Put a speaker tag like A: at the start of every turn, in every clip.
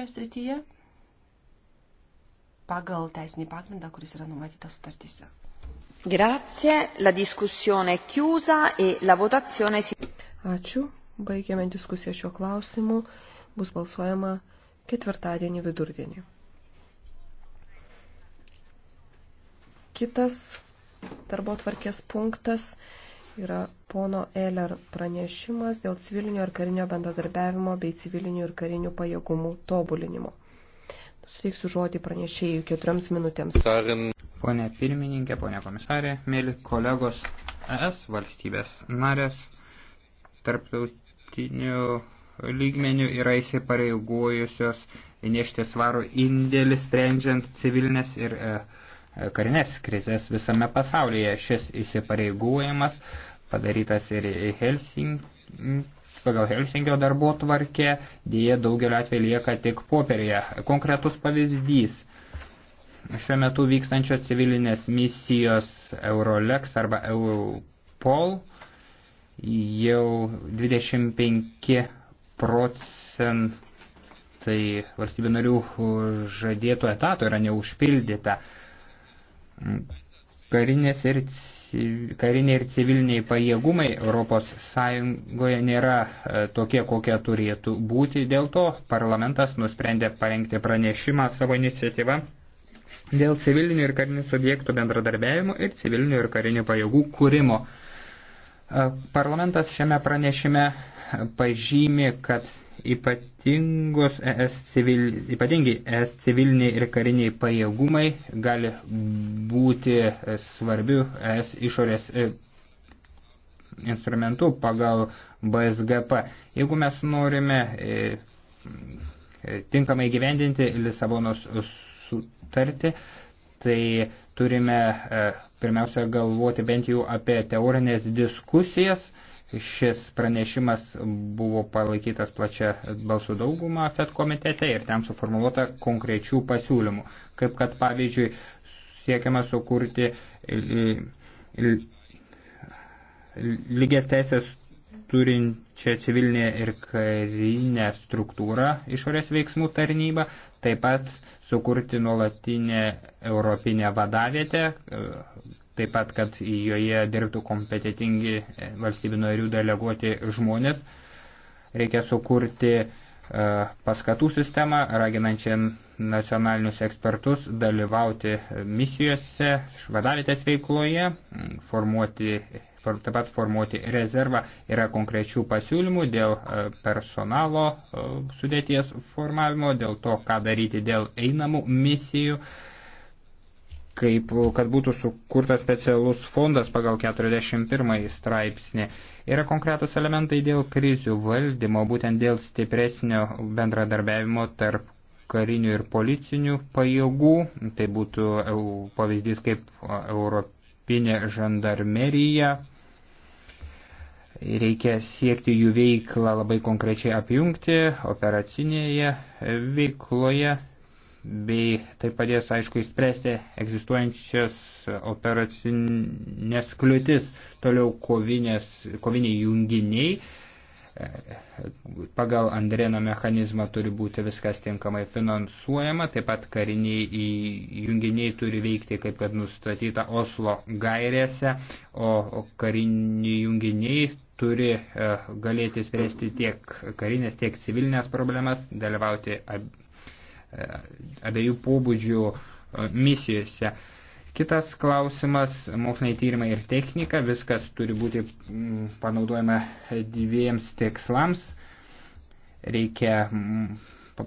A: srityje pagal teisinį pagrindą, kuris yra numatytas sutartyse. Grazie, la diskusione chiusa e la votazione si... Ačiū, baigiame diskusiją šiuo klausimu, bus balsuojama ketvirtadienį vidurdienį. Kitas darbo tvarkės punktas yra pono Eller pranešimas dėl civilinio ir karinio bendradarbiavimo bei civilinių ir karinių pajėgumų tobulinimo. Suteiksiu žodį pranešėjų keturioms minutėms.
B: Pone pirmininkė, pone komisarė, mėly kolegos ES valstybės narės, tarptautinių lygmenių yra įsipareigojusios nešti svarų indėlį sprendžiant civilinės ir e, e, karinės krizės visame pasaulyje. Šis įsipareigojimas uh, padarytas ir Helsinki, pagal Helsingio darbo tvarkę, dėje daugelio atveju lieka tik popierėje. Konkretus pavyzdys. Šiuo metu vykstančios civilinės misijos Eurolex arba Europol jau 25 procentai valstybių narių žadėtų etatų yra neužpildyta. Karinės ir kariniai ir civiliniai pajėgumai ES nėra e, tokie, kokie turėtų būti. Dėl to parlamentas nusprendė parengti pranešimą savo iniciatyvą dėl civilinių ir karinių subjektų bendradarbiavimo ir civilinių ir karinių pajėgų kūrimo. E, parlamentas šiame pranešime pažymi, kad ypatingos ES civil, ypatingi ES civiliniai ir kariniai pajėgumai gali būti svarbių ES išorės e, instrumentų pagal BSGP. Jeigu mes norime e, e, tinkamai gyvendinti Lisabonos sutartį, tai turime pirmiausia galvoti bent jau apie teorinės diskusijas, Šis pranešimas buvo palaikytas plačia balsų daugumą FED komitete ir ten suformuoluota konkrečių pasiūlymų, kaip kad pavyzdžiui siekiama sukurti lygias teisės turinčią civilinę ir karinę struktūrą išorės veiksmų tarnybą, taip pat sukurti nuolatinę europinę vadavietę, taip pat, kad joje dirbtų kompetitingi e, valstybių narių deleguoti žmonės. Reikia sukurti e, paskatų sistemą, raginančią nacionalinius ekspertus dalyvauti misijose, švadavietės veikloje, formuoti, taip pat formuoti rezervą. Yra konkrečių pasiūlymų dėl e, personalo sudėties formavimo, dėl to, ką daryti dėl einamų misijų kaip kad būtų sukurtas specialus fondas pagal 41 straipsnį. Yra konkretus elementai dėl krizių valdymo, būtent dėl stipresnio bendradarbiavimo tarp karinių ir policinių pajėgų. Tai būtų pavyzdys kaip europinė žandarmerija. Reikia siekti jų veiklą labai konkrečiai apjungti operacinėje veikloje bei tai padės, aišku, įspręsti egzistuojančias operacinės kliūtis, toliau kovinės, koviniai junginiai. Pagal Andrėno mechanizmą turi būti viskas tinkamai finansuojama, taip pat kariniai junginiai turi veikti, kaip kad nustatyta Oslo gairėse, o kariniai junginiai turi e, galėti spręsti tiek karinės, tiek civilinės problemas, dalyvauti E, abiejų pobūdžių e, misijose. Kitas klausimas - moksliniai tyrimai ir technika. Viskas turi būti mm, panaudojama dviems tikslams. Reikia mm,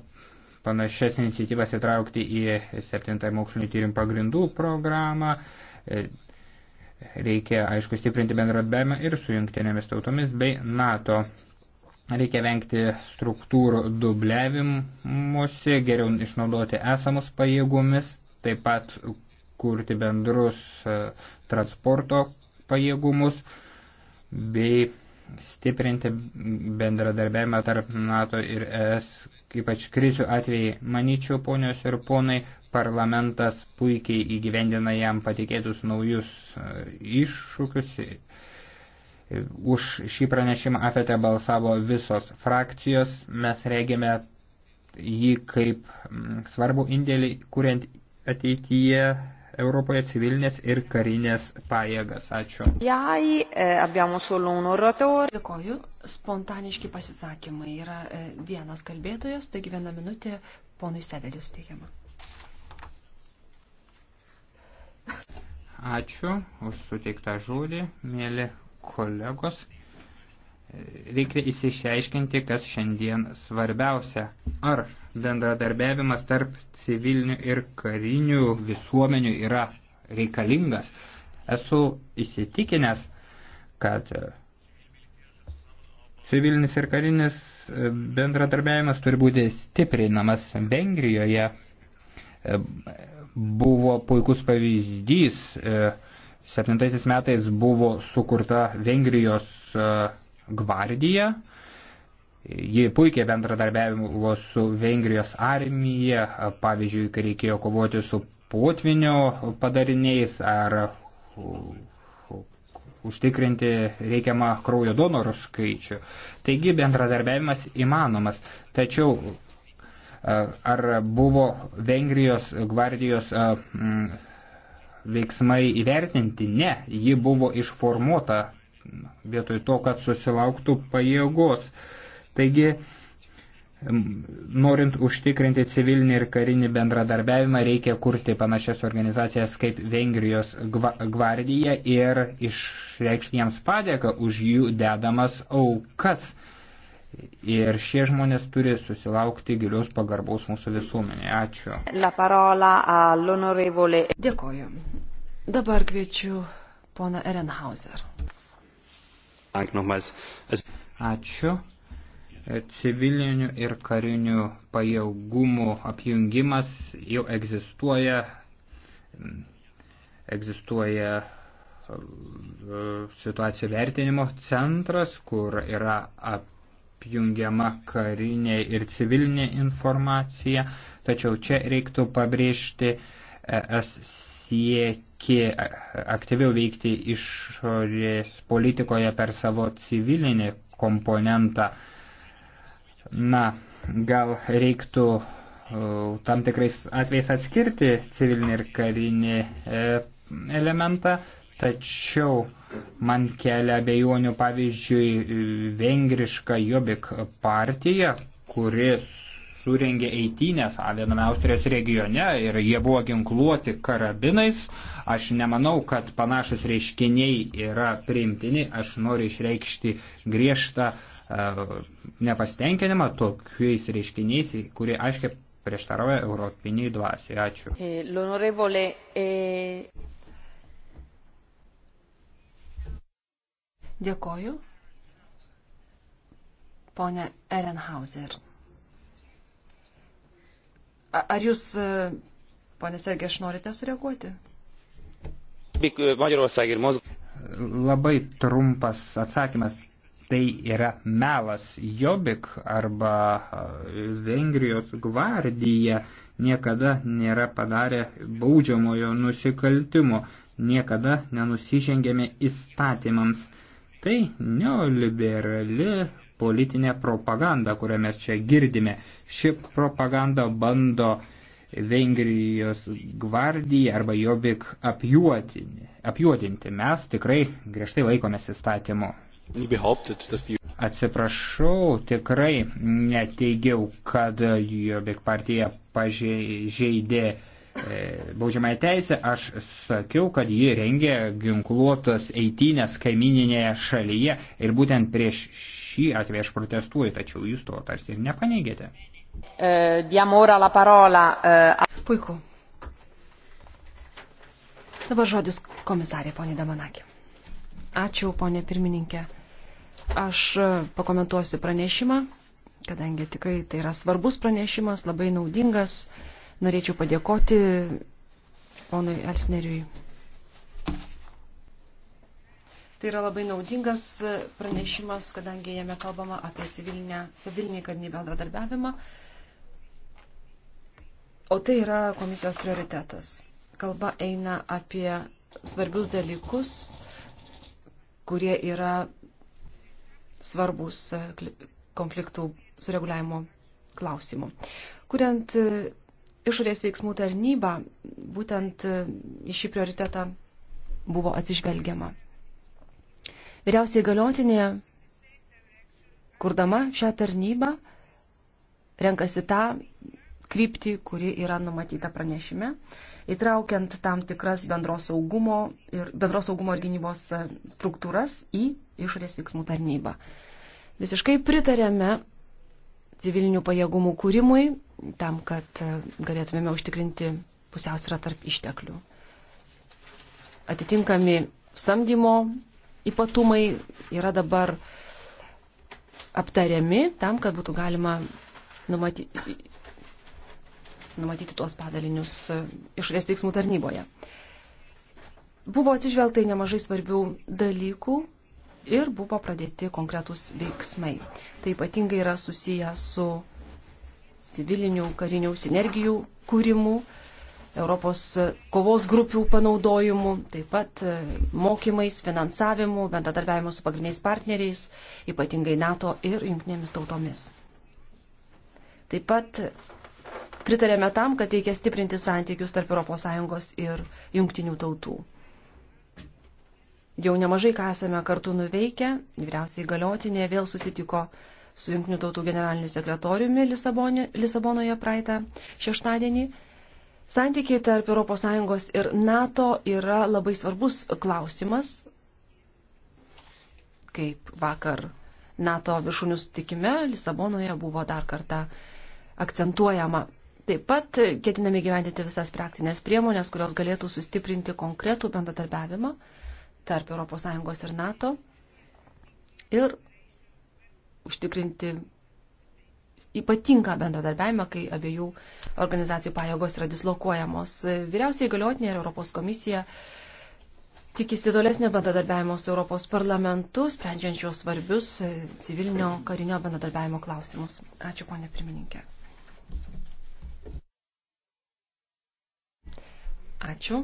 B: panašias iniciatyvas įtraukti į 7 mokslinio tyrimų pagrindų programą. E, reikia, aišku, stiprinti bendradarbiavimą ir su jungtinėmis tautomis bei NATO. Reikia vengti struktūrų dubliavimuose, geriau išnaudoti esamus pajėgumis, taip pat kurti bendrus e, transporto pajėgumus bei stiprinti bendradarbiavimą tarp NATO ir ES, ypač krizių atvejai. Manyčiau, ponios ir ponai, parlamentas puikiai įgyvendina jam patikėtus naujus e, iššūkius Už šį pranešimą afete balsavo visos frakcijos. Mes regėme jį kaip mm, svarbu indėlį, kuriant ateityje Europoje civilinės ir karinės pajėgas. Ačiū.
A: Jei e, abbiamo solo un oratore. Dėkoju. Spontaniški pasisakymai yra e, vienas kalbėtojas, taigi viena minutė ponui Sedelį suteikiama.
B: Ačiū už suteiktą žodį, mėly kolegos, reikia įsišeiškinti, kas šiandien svarbiausia. Ar bendradarbiavimas tarp civilinių ir karinių visuomenių yra reikalingas. Esu įsitikinęs, kad civilinis ir karinis bendradarbiavimas turi būti stiprinamas. Vengrijoje buvo puikus pavyzdys 1997 metais buvo sukurta Vengrijos e, gvardija. Ji puikiai bendradarbiavo su Vengrijos armija, pavyzdžiui, kai reikėjo kovoti su potvinio padariniais ar užtikrinti reikiamą kraujo donorų skaičių. Taigi bendradarbiavimas įmanomas. Tačiau e, ar buvo Vengrijos gvardijos e, veiksmai įvertinti. Ne, ji buvo išformuota vietoj to, kad susilauktų pajėgos. Taigi, norint užtikrinti civilinį ir karinį bendradarbiavimą, reikia kurti panašias organizacijas kaip Vengrijos gvardija ir išreikšti jiems padėką už jų dedamas aukas. Ir šie žmonės turi susilaukti gilios pagarbaus mūsų visuomenėje. Ačiū.
A: Dėkoju. Dabar kviečiu poną Erenhauser.
B: Ačiū civilinių ir karinių pajėgumų apjungimas jau egzistuoja, egzistuoja e, situacijų vertinimo centras, kur yra apjungiama karinė ir civilinė informacija, tačiau čia reiktų pabrėžti e, ES siekį aktyviau veikti išorės politikoje per savo civilinį komponentą. Na, gal reiktų uh, tam tikrais atvejais atskirti civilinį ir karinį uh, elementą, tačiau man kelia abejonių pavyzdžiui uh, vengriška Jobik partija, kuris surengė eitynės viename Austrijos regione ir jie buvo ginkluoti karabinais. Aš nemanau, kad panašus reiškiniai yra priimtini. Aš noriu išreikšti griežtą e, nepastenkinimą tokiais reiškiniais, kurie aiškiai prieštarauja europiniai dvasiai. Ačiū.
A: E, l'onorevole. E, Dėkoju. Pone Erenhauser. Ar jūs, e, ponė Sergė, aš norite sureaguoti?
B: E, Labai trumpas atsakymas. Tai yra melas. Jobik arba e, Vengrijos gvardija niekada nėra padarę baudžiamojo nusikaltimo, niekada nenusižengėme įstatymams. Tai neoliberali politinė propaganda, kurią mes čia girdime. Ši propaganda bando Vengrijos gvardiją arba Jobik apjuotinti. apjuotinti. Mes tikrai griežtai laikomės įstatymu. Atsiprašau, tikrai neteigiau, kad Jobik partija pažeidė E, baudžiamąją teisę, aš sakiau, kad ji rengė ginkluotas eitinės kaimininėje šalyje ir būtent prieš šį atvejį aš protestuoju, tačiau jūs to tarsi ir nepaneigėte.
A: E, e, Puiku. Dabar žodis komisarė, ponė Damanakė. Ačiū, ponė pirmininkė. Aš pakomentuosiu pranešimą, kadangi tikrai tai yra svarbus pranešimas, labai naudingas. Uh, Norėčiau padėkoti ponui Elsneriui. Tai yra labai naudingas pranešimas, kadangi jame kalbama apie civilinę, civilinį karinį bendradarbiavimą. O tai yra komisijos prioritetas. Kalba eina apie svarbius dalykus, kurie yra svarbus konfliktų sureguliavimo klausimų. Kuriant išorės veiksmų tarnyba, būtent e, į šį prioritetą buvo atsižvelgiama. Vyriausiai galiotinė, kurdama šią tarnybą, renkasi tą kryptį, kuri yra numatyta pranešime, įtraukiant tam tikras bendros saugumo ir, bendros saugumo ir gynybos e, struktūras į išorės veiksmų tarnybą. Visiškai pritarėme civilinių pajėgumų kūrimui, tam, kad e, galėtumėme užtikrinti pusiausvyrą tarp išteklių. Atitinkami samdymo ypatumai yra dabar aptariami tam, kad būtų galima numatyti, numatyti tuos padalinius e, išorės veiksmų tarnyboje. Buvo atsižvelgta į nemažai svarbių dalykų ir buvo pradėti konkretūs veiksmai. Tai ypatingai yra susiję su civilinių karinių sinergijų kūrimu, Europos kovos grupių panaudojimu, taip pat e, mokymais, finansavimu, bendradarbiavimu su pagrindiniais partneriais, ypatingai NATO ir jungtinėmis tautomis. Taip pat pritarėme tam, kad reikia stiprinti santykius tarp ES ir jungtinių tautų. Jau nemažai ką esame kartu nuveikę, vyriausiai galiotinė vėl susitiko su Junktinių tautų generaliniu sekretoriumi Lisabonė, Lisabonoje praeitą šeštadienį. Santykiai tarp ES ir NATO yra labai svarbus klausimas, kaip vakar NATO viršūnių sutikime Lisabonoje buvo dar kartą akcentuojama. Taip pat ketiname gyventi visas praktinės priemonės, kurios galėtų sustiprinti konkretų bendradarbiavimą tarp ES ir NATO ir užtikrinti ypatingą bendradarbiavimą, kai abiejų organizacijų pajėgos yra dislokuojamos. Vyriausiai galiotinė ir Europos komisija tikisi tolesnio bendradarbiavimo su Europos parlamentu, sprendžiančios svarbius civilinio karinio bendradarbiavimo klausimus. Ačiū, ponė pirmininkė. Ačiū.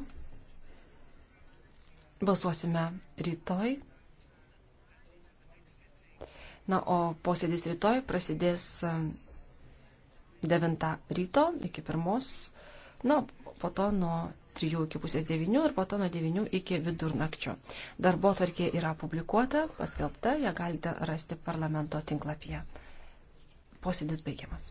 A: Balsuosime rytoj. Na, o posėdis rytoj prasidės 9 um, ryto iki 1. Na, po to nuo 3 iki pusės 9 ir po to nuo 9 iki vidurnakčio. Darbo tvarkė yra publikuota, paskelbta, ją galite rasti parlamento tinklapyje. Posėdis baigiamas.